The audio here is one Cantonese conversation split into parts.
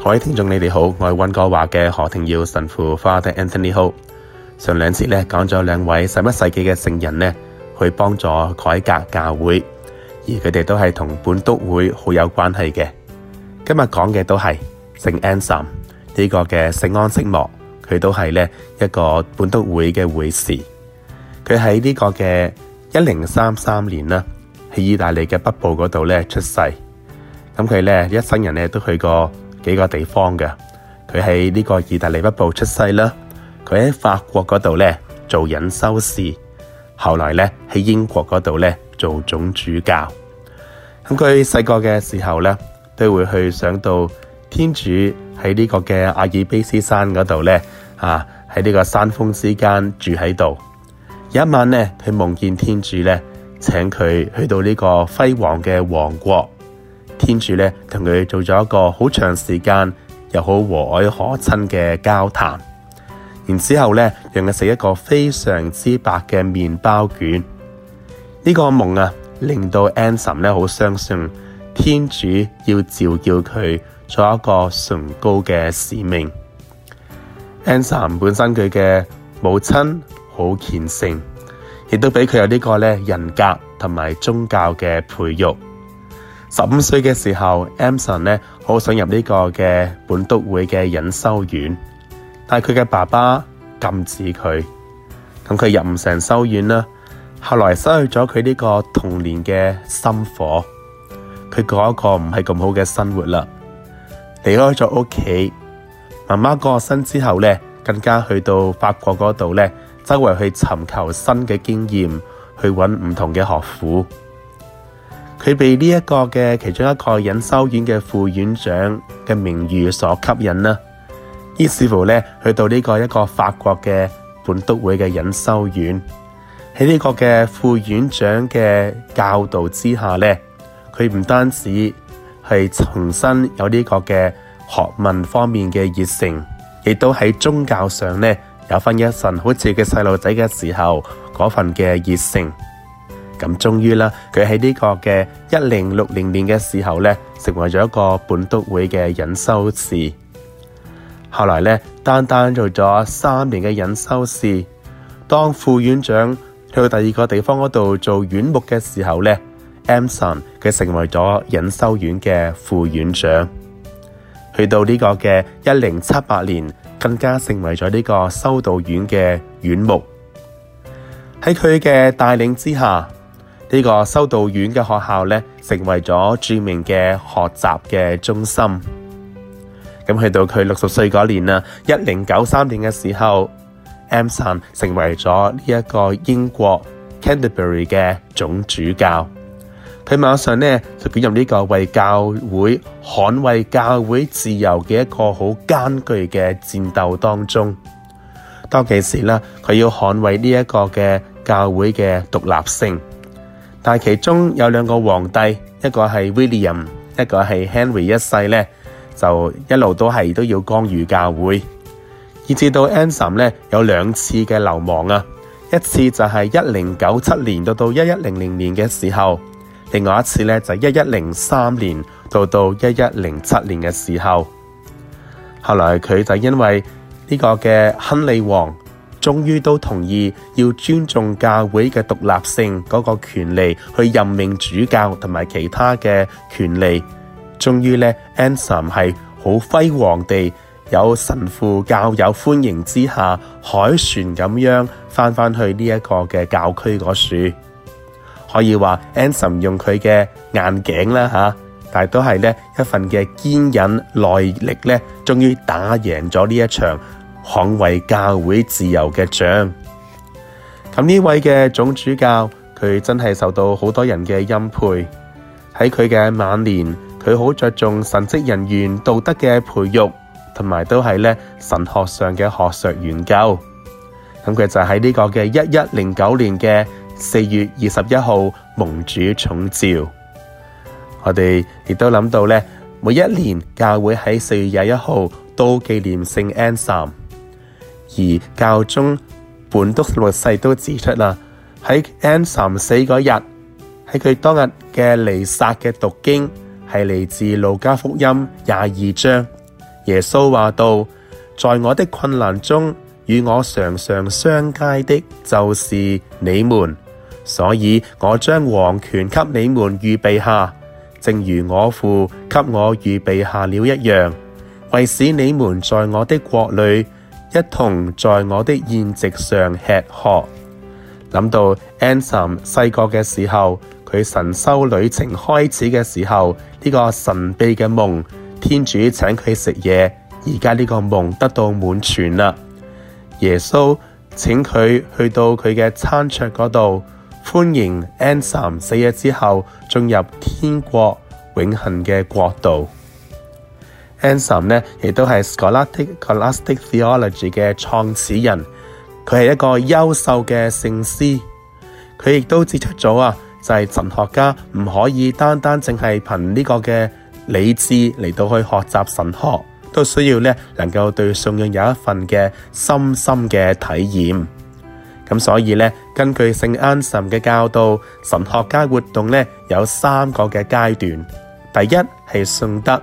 各位聽眾，你哋好，我係溫哥華嘅何庭耀神父 Father Anthony Ho。上兩節咧講咗兩位十一世紀嘅聖人呢去幫助改革教會，而佢哋都係同本督會好有關係嘅。今日講嘅都係聖 Anson 呢個嘅聖安息莫，佢都係呢一個本督會嘅會士。佢喺呢個嘅一零三三年啦，喺意大利嘅北部嗰度出世。咁佢一生人都去過。幾個地方嘅，佢喺呢個意大利北部出世啦，佢喺法國嗰度呢做隱修士，後來呢喺英國嗰度呢做總主教。咁佢細個嘅時候呢，都會去想到天主喺呢個嘅阿爾卑斯山嗰度呢，啊喺呢個山峰之間住喺度。有一晚呢，佢夢見天主呢，請佢去到呢個輝煌嘅王國。天主咧同佢做咗一個好長時間，又好和藹可親嘅交談。然之後咧，讓佢食一個非常之白嘅麵包卷。呢個夢啊，令到 Anson 咧好相信天主要召叫佢做一個崇高嘅使命。Anson 本身佢嘅母親好虔誠，亦都俾佢有呢個咧人格同埋宗教嘅培育。十五歲嘅時候，Amson 呢好想入呢個嘅本篤會嘅隱修院，但係佢嘅爸爸禁止佢，咁佢入唔成修院啦。後來失去咗佢呢個童年嘅心火，佢過一個唔係咁好嘅生活啦。離開咗屋企，媽媽過身之後呢，更加去到法國嗰度呢，周圍去尋求新嘅經驗，去搵唔同嘅學府。佢被呢一個嘅其中一個隱修院嘅副院長嘅名譽所吸引啦，於是乎呢去到呢個一個法國嘅本篤會嘅隱修院，喺呢個嘅副院長嘅教導之下呢，佢唔單止係重新有呢個嘅學問方面嘅熱誠，亦都喺宗教上呢，有翻一陣好似嘅細路仔嘅時候嗰份嘅熱誠。咁，終於啦，佢喺呢個嘅一零六零年嘅時候呢成為咗一個本篤會嘅隱修士。後來呢，單單做咗三年嘅隱修士，當副院長去到第二個地方嗰度做院牧嘅時候呢 Amson 佢成為咗隱修院嘅副院長。去到呢個嘅一零七八年，更加成為咗呢個修道院嘅院牧喺佢嘅帶領之下，呢、這個修道院嘅學校咧，成為咗著名嘅學習嘅中心。咁去到佢六十歲嗰年啦，一零九三年嘅時候，Amson 成為咗呢一個英國 Canterbury 嘅總主教。佢馬上咧就捲入呢個為教會捍衛教會自由嘅一個好艱巨嘅戰鬥當中。當其時呢，佢要捍衛呢一個嘅教會嘅獨立性。但其中有兩個皇帝，一個係 William，一個係 Henry 一世呢，就一路都係都要干預教會，以致到 Anson 呢，有兩次嘅流亡啊，一次就係一零九七年到到一一零零年嘅時候，另外一次呢，就係一一零三年到到一一零七年嘅時候，後來佢就因為呢個嘅亨利王。終於都同意要尊重教會嘅獨立性嗰個權利，去任命主教同埋其他嘅權利。終於咧，Anson 係好輝煌地有神父教友歡迎之下，凱旋咁樣翻翻去呢一個嘅教區嗰處。可以話 Anson 用佢嘅眼鏡啦吓，但係都係咧一份嘅堅忍耐力咧，終於打贏咗呢一場。捍衛教會自由嘅獎，咁呢位嘅總主教，佢真係受到好多人嘅欽佩。喺佢嘅晚年，佢好着重神職人員道德嘅培育，同埋都係咧神學上嘅學術研究。咁佢就喺呢個嘅一一零九年嘅四月二十一號蒙主寵召。我哋亦都諗到咧，每一年教會喺四月廿一號都紀念聖安薩。而教宗本篤十六世都指出啦，喺安三死嗰日，喺佢當日嘅彌撒嘅讀經係嚟自路加福音廿二章。耶穌話道：在我的困難中與我常常相偕的，就是你們，所以我將王權給你們預備下，正如我父給我預備下了一樣，為使你們在我的國裏。一同在我的宴席上吃喝。諗到 Anson 細個嘅時候，佢神修旅程開始嘅時候，呢個神秘嘅夢，天主請佢食嘢。而家呢個夢得到滿全啦。耶穌請佢去到佢嘅餐桌嗰度，歡迎 Anson 死咗之後進入天國永恒嘅國度。a 安森咧，亦都是 scholastic、Cholastic、theology 嘅創始人，佢是一個優秀嘅聖師，佢亦都指出咗啊，就係、是、神學家唔可以單單淨係憑呢個嘅理智嚟到去學習神學，都需要呢能夠對信仰有一份嘅深深嘅體驗。所以呢，根據聖安 n 嘅教導，神學家活動呢有三個嘅階段，第一是信德。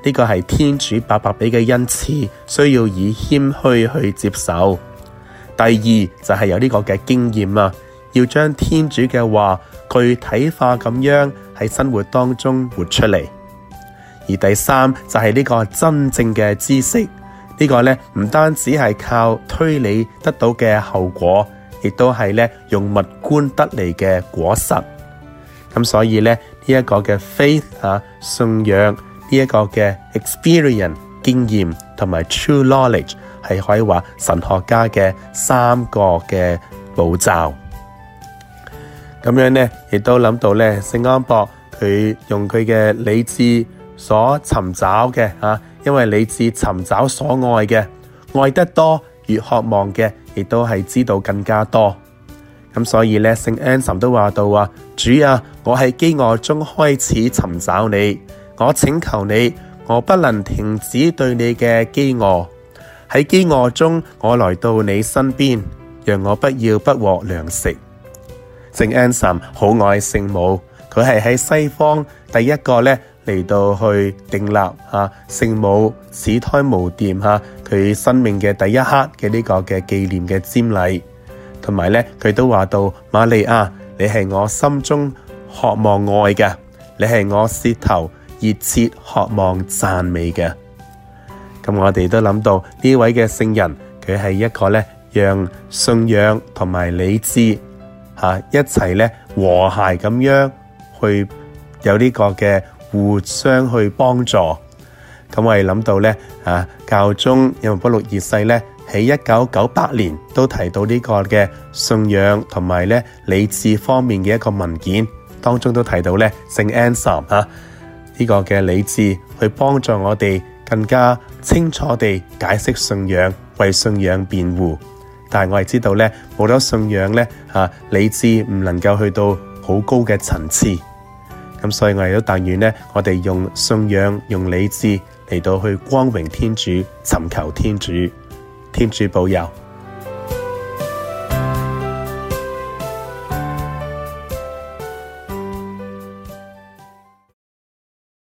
呢、這個係天主白白俾嘅恩賜，需要以謙虛去接受。第二就係、是、有呢個嘅經驗啊，要將天主嘅話具體化咁樣喺生活當中活出嚟。而第三就係、是、呢個真正嘅知識，呢、這個呢，唔單止係靠推理得到嘅後果，亦都係呢用物觀得嚟嘅果實。咁所以呢，呢、這、一個嘅 faith 吓、啊，信仰。呢、這、一個嘅 experience 經驗同埋 true knowledge 係可以話神學家嘅三個嘅步驟咁樣咧，亦都諗到咧聖安博佢用佢嘅理智所尋找嘅吓、啊，因為理智尋找所愛嘅，愛得多越渴望嘅，亦都係知道更加多咁。所以咧，聖安森都話到啊，主啊，我喺飢餓中開始尋找你。我請求你，我不能停止對你嘅飢餓。喺飢餓中，我來到你身邊，讓我不要不獲糧食。聖安神好愛聖母，佢係喺西方第一個咧嚟到去訂立吓聖、啊、母始胎無玷吓佢生命嘅第一刻嘅呢個嘅紀念嘅瞻禮，同埋呢，佢都話到瑪利亞，你係我心中渴望愛嘅，你係我舌頭熱切渴望讚美嘅，咁，我哋都諗到呢位嘅聖人，佢係一個咧，讓信仰同埋理智嚇一齊咧，和諧咁樣去有呢個嘅互相去幫助。咁我哋諗到咧嚇教宗若望保祿二世咧，喺一九九八年都提到呢個嘅信仰同埋咧理智方面嘅一個文件，當中都提到咧聖安薩嚇。呢、這個嘅理智去幫助我哋更加清楚地解釋信仰，為信仰辯護。但係我係知道呢，冇咗信仰呢，吓理智唔能夠去到好高嘅層次。咁所以我哋都但願呢，我哋用信仰，用理智嚟到去光榮天主，尋求天主，天主保佑。